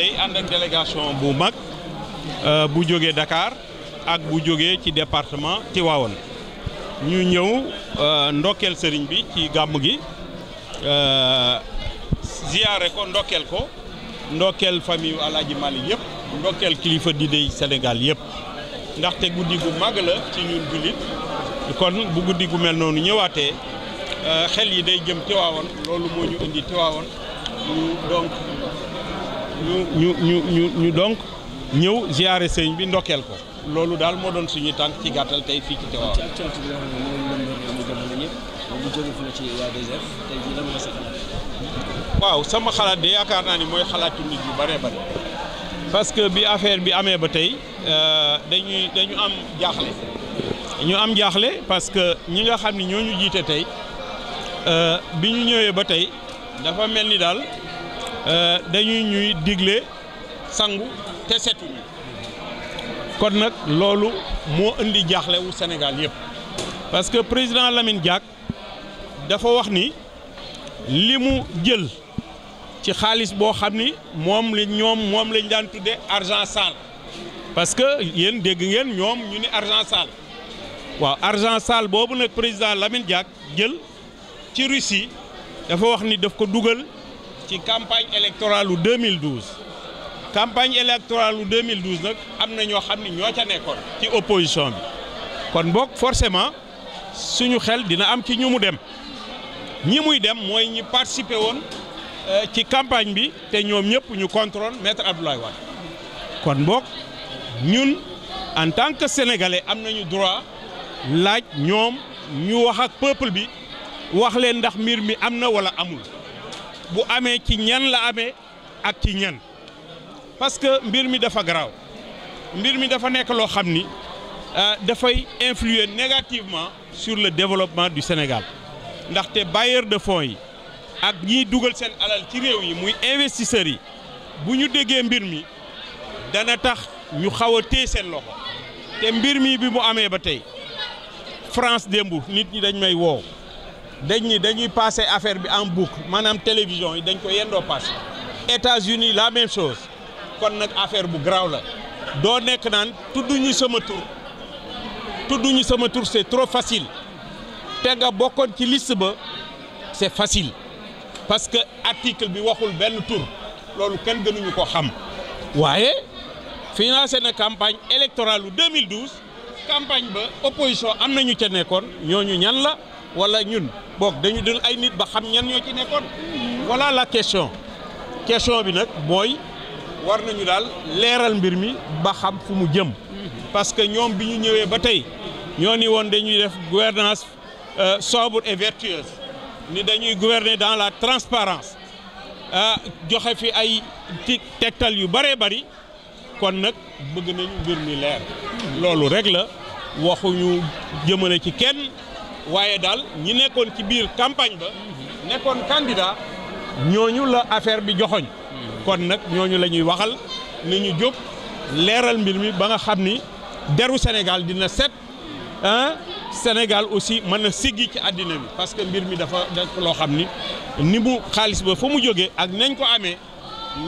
tey ànd ak délégation bu mag euh, bu jógee dakaar ak bu jógee ci département Tivaouane ñu ñëw euh, ndokkeel sëriñ bi ci gàmm gi euh, ziyaare ko ndokkeel ko ndokkeel famille yu Alaaji Malik yëpp ndokkeel kilifa di dey senegal yëpp ndaxte guddi gu mag la ci ñun jullit kon bu guddi gu mel noonu ñëwaatee xel yi day jëm Tivaouane loolu moo ñu indi Tivaouane donc ñu ñu ñu ñu donc ñëw ziare sëñ bi ndokkeel ko loolu daal moo doon suñu tànk ci gàttal tey fii ci Tiwaawan. waaw sama xalaat de yaakaar naa ni mooy xalaat nit yu bare bare parce que bi affaire bi amee ba tey euh, dañuy dañu am jaaxle ñu am jaaxle parce que ñi nga xam ni ñoo ñu jiite tey euh, bi ñu ñëwee ba tey dafa mel ni daal. Euh, dañuy ñuy digle sangu te setuñu kon nag loolu moo indi jaaxle wu Sénégal yëpp parce que président Lamine Diack dafa wax ni li mu jël ci xaalis boo xam ni moom la ñoom lañ daan tuddee argent sale parce que yéen dégg ngeen ñoom ñu ni argent sale waaw argent sale boobu nag président Lamine Diack jël ci Russie dafa wax ni daf ko dugal. ci campagne électorale lu 2012 campagne électorale lu 2012 nag am na ñoo xam ne ñoo ca nekkoon ci opposition bi kon boog forcément suñu xel dina am ci ñu mu dem ñi muy dem mooy ñi participer woon euh, ci campagne bi te ñoom ñëpp ñu contrôle maître Abdoulaye Wade kon boog ñun en tant que sénégalais am nañu droit laaj ñoom ñu wax ak peuple bi wax leen ndax mbir mi am na walla amul. bu amee ci ñan la amee ak ci ñan parce que mbir mi dafa garaaw mbir mi dafa nekk loo xam ni euh, dafay influer négativement sur le développement du Sénégal ndaxte bailleurs de fonds yi ak ñiy dugal seen alal ci réew yi muy investisseurs yi bu ñu déggee mbir mi dana tax ñu xaw a téye seen loxo te mbir mi bi mu amee ba tey France démb nit ñi dañ may woow dañ ni dañuy passer affaire bi en boucle maanaam télévision yi dañ ko yendoo passé États-Unis la même chose kon nag affaire bu garaaw la doo nekk naan tudduñu sama tur tudduñu sama tur c'est trop facile te nga bokkoon ci list ba c'est facile parce que article bi waxul benn tur loolu kenn gënuñu ko xam waaye financé na campagne électorale u 2012 campagne ba opposition am nañu ca nekkoon ñooñu ñan la wala ñun boog dañu dul ay nit ba xam ñan ñoo ci nekkoon voilà la question question bi nag mooy war nañu daal leeral mbir mi ba xam fu mu jëm parce que ñoom bi ñu ñëwee ba tey ñoo ni woon dañuy def gouvernance euh, sobre et vertueuse ni dañuy gouverner dans la transparence ah joxe fi ay ci tegtal yu bëree bari kon nag bëgg nañu mbir mi leer loolu rek la waxuñu jëmale ci kenn waaye daal ñi nekkoon ci biir campagne ba nekkoon candidat ñooñu la affaire bi joxoñ kon nag ñooñu la ñuy waxal ni jóg leeral mbir mi ba nga xam ni deru Sénégal dina set ah aussi mën na siggi ci àddina bi parce que mbir mi dafa dafa loo xam ni ni bu xaalis ba fa mu jógee ak nañ ko amee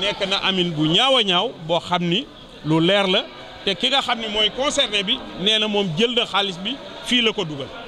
nekk na amin bu ñaaw a ñaaw boo xam ni lu leer la te ki nga xam ni mooy concerné bi nee na moom jël na xaalis bi fii la ko dugal